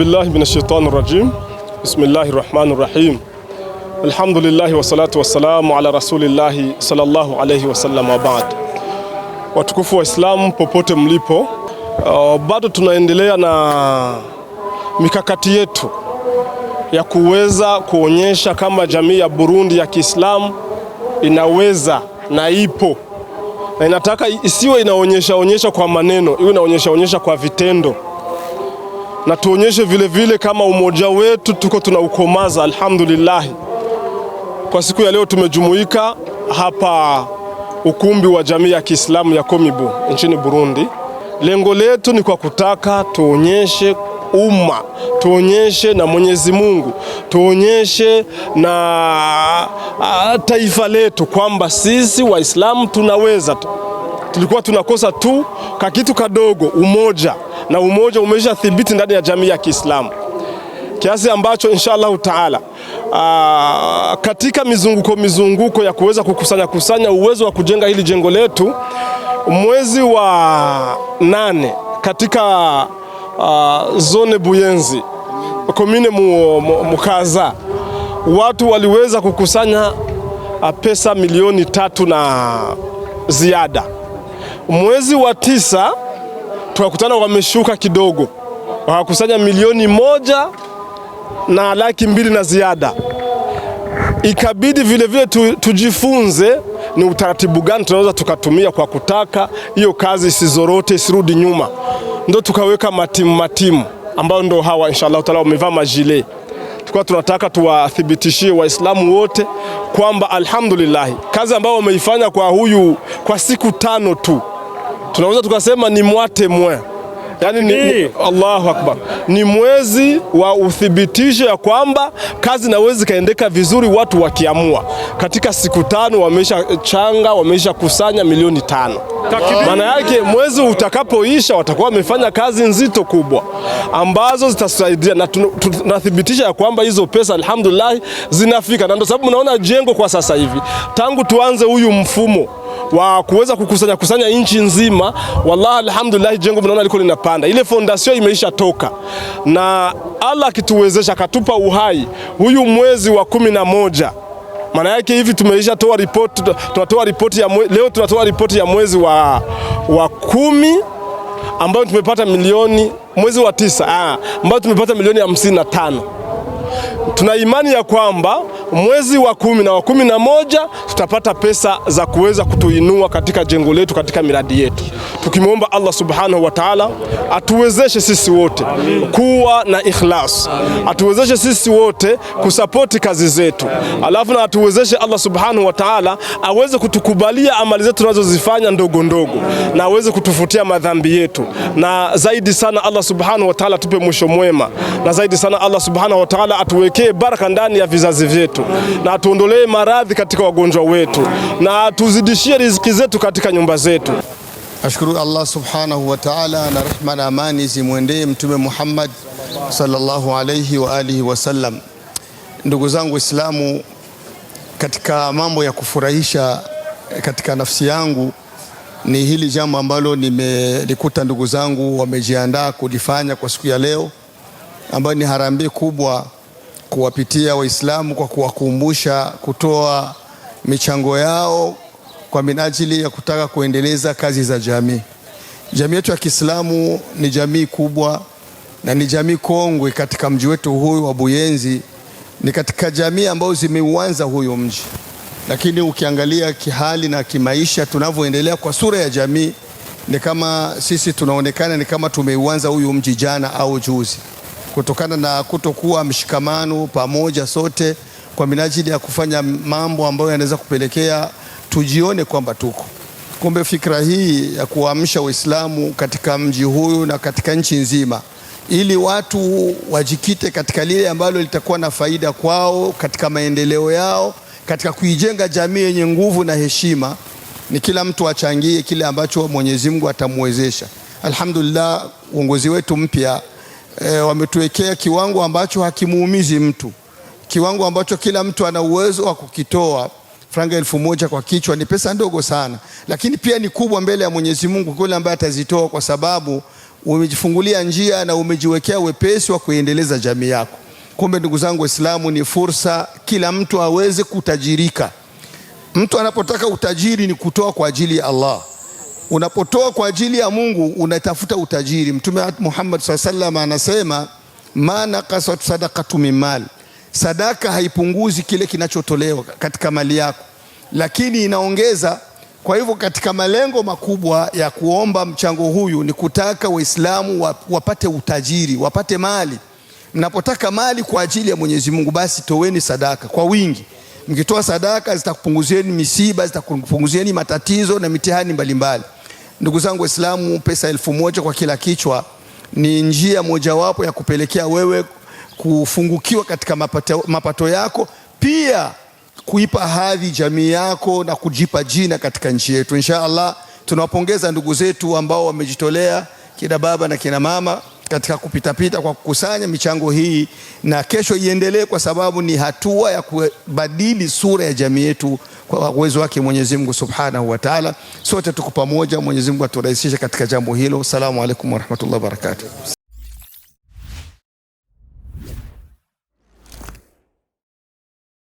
billahi min shaitani rajim bismillahi rahmani rahim alhamdulillahi wassalatu wassalamu ala rasulillahi sallallahu alayhi wasallam. Wabad, watukufu wa Islamu popote mlipo, uh, bado tunaendelea na mikakati yetu ya kuweza kuonyesha kama jamii ya Burundi ya Kiislamu inaweza na ipo na inataka isiwe inaonyesha onyesha kwa maneno, iwe inaonyesha onyesha kwa vitendo na tuonyeshe vile vile kama umoja wetu tuko tunaukomaza. Alhamdulillah, kwa siku ya leo tumejumuika hapa ukumbi wa jamii ya Kiislamu ya Komibu nchini Burundi. Lengo letu ni kwa kutaka tuonyeshe umma, tuonyeshe na Mwenyezi Mungu, tuonyeshe na taifa letu kwamba sisi Waislamu tunaweza tu. Tulikuwa tunakosa tu kakitu kadogo, umoja na umoja umesha thibiti ndani ya jamii ya Kiislamu kiasi ambacho insha Allahu taala ah, katika mizunguko mizunguko ya kuweza kukusanya kusanya uwezo wa kujenga hili jengo letu, mwezi wa nane katika aa, ah, zone Buyenzi komine mu, mu, Mukaza watu waliweza kukusanya ah, pesa milioni tatu na ziada. Mwezi wa tisa tukakutana wameshuka kidogo, wakakusanya milioni moja na laki mbili na ziada. Ikabidi vilevile vile tujifunze ni utaratibu gani tunaweza tukatumia kwa kutaka hiyo kazi isizorote, isirudi nyuma. Ndo tukaweka matimu matimu ambayo ndo hawa inshallah taala wamevaa majile. Tukawa tunataka tuwathibitishie Waislamu wote kwamba alhamdulillah, kazi ambayo wameifanya kwa huyu kwa siku tano tu tunaweza tukasema ni mwate mwe Yaani ni, ni, Allahu Akbar, ni mwezi wa uthibitisho ya kwamba kazi nawezi kaendeka vizuri, watu wakiamua katika siku tano wamesha changa wamesha kusanya milioni tano. Maana yake mwezi utakapoisha watakuwa wamefanya kazi nzito kubwa ambazo zitasaidia, na tunathibitisha ya kwamba hizo pesa alhamdulillah zinafika, na ndio sababu mnaona jengo kwa sasa hivi tangu tuanze huyu mfumo wa kuweza kukusanya kusanya nchi nzima. Wallahi, alhamdulillah, jengo mnaona liko linapanda, ile fondation imeisha toka, na Allah akituwezesha akatupa uhai huyu mwezi wa kumi na moja maana yake hivi tumeisha toa ripoti, tunatoa ripoti ya mwe, leo tunatoa ripoti ya mwezi wa, wa kumi ambayo tumepata milioni mwezi wa tisa ah, ambayo tumepata milioni hamsini na tano tuna imani ya kwamba mwezi wa kumi na wa kumi na moja tutapata pesa za kuweza kutuinua katika jengo letu, katika miradi yetu, tukimwomba Allah subhanahu wa ta'ala atuwezeshe sisi wote kuwa na ikhlas, atuwezeshe sisi wote kusapoti kazi zetu, alafu na atuwezeshe Allah subhanahu wa ta'ala aweze kutukubalia amali zetu tunazozifanya ndogo ndogo, na aweze kutufutia madhambi yetu, na zaidi sana Allah subhanahu wa ta'ala atupe mwisho mwema, na zaidi sana Allah subhanahu wa ta'ala atuwe tuwekee baraka ndani ya vizazi vyetu, na tuondolee maradhi katika wagonjwa wetu, na tuzidishie riziki zetu katika nyumba zetu. Ashukuru Allah subhanahu wa ta'ala, na rehma na amani zimwendee Mtume Muhammad sallallahu alayhi wa alihi wasallam. Ndugu zangu Waislamu, katika mambo ya kufurahisha katika nafsi yangu ni hili jambo ambalo nimelikuta ndugu zangu wamejiandaa kulifanya kwa siku ya leo, ambayo ni harambee kubwa kuwapitia Waislamu kwa kuwakumbusha kutoa michango yao kwa minajili ya kutaka kuendeleza kazi za jamii. Jamii yetu ya Kiislamu ni jamii kubwa na ni jamii kongwe katika mji wetu huyu wa Buyenzi, ni katika jamii ambazo zimeuanza huyo mji, lakini ukiangalia kihali na kimaisha tunavyoendelea kwa sura ya jamii, ni kama sisi tunaonekana ni kama tumeuanza huyu mji jana au juzi kutokana na kutokuwa mshikamano pamoja sote kwa minajili ya kufanya mambo ambayo yanaweza kupelekea tujione kwamba tuko. Kumbe fikra hii ya kuamsha Uislamu katika mji huyu na katika nchi nzima, ili watu wajikite katika lile ambalo litakuwa na faida kwao katika maendeleo yao, katika kuijenga jamii yenye nguvu na heshima, ni kila mtu achangie kile ambacho Mwenyezi Mungu atamwezesha. Alhamdulillah, uongozi wetu mpya e, wametuwekea kiwango ambacho hakimuumizi mtu, kiwango ambacho kila mtu ana uwezo wa kukitoa. Franga elfu moja kwa kichwa ni pesa ndogo sana, lakini pia ni kubwa mbele ya Mwenyezi Mungu kule ambaye atazitoa, kwa sababu umejifungulia njia na umejiwekea wepesi wa kuendeleza jamii yako. Kumbe ndugu zangu Waislamu, ni fursa kila mtu aweze kutajirika. Mtu anapotaka utajiri ni kutoa kwa ajili ya Allah. Unapotoa kwa ajili ya Mungu unatafuta utajiri. Mtume Muhammad sallallahu sallam anasema ma naqasat sadaqatu min mal, sadaka haipunguzi kile kinachotolewa katika mali yako, lakini inaongeza. Kwa hivyo katika malengo makubwa ya kuomba mchango huyu ni kutaka Waislamu wapate utajiri, wapate mali. Mnapotaka mali kwa ajili ya Mwenyezi Mungu, basi toweni sadaka kwa wingi. Mkitoa sadaka zitakupunguzieni misiba, zitakupunguzieni matatizo na mitihani mbalimbali mbali. Ndugu zangu Waislamu, pesa elfu moja kwa kila kichwa ni njia mojawapo ya kupelekea wewe kufungukiwa katika mapato, mapato yako, pia kuipa hadhi jamii yako na kujipa jina katika nchi yetu. Insha Allah tunawapongeza ndugu zetu ambao wamejitolea, kina baba na kina mama katika kupitapita kwa kukusanya michango hii, na kesho iendelee, kwa sababu ni hatua ya kubadili sura ya jamii yetu kwa uwezo wake Mwenyezi Mungu Subhanahu wa Ta'ala. Sote tuko pamoja, Mwenyezi Mungu aturahisishe katika jambo hilo. Assalamu alaikum warahmatullahi wabarakatuh.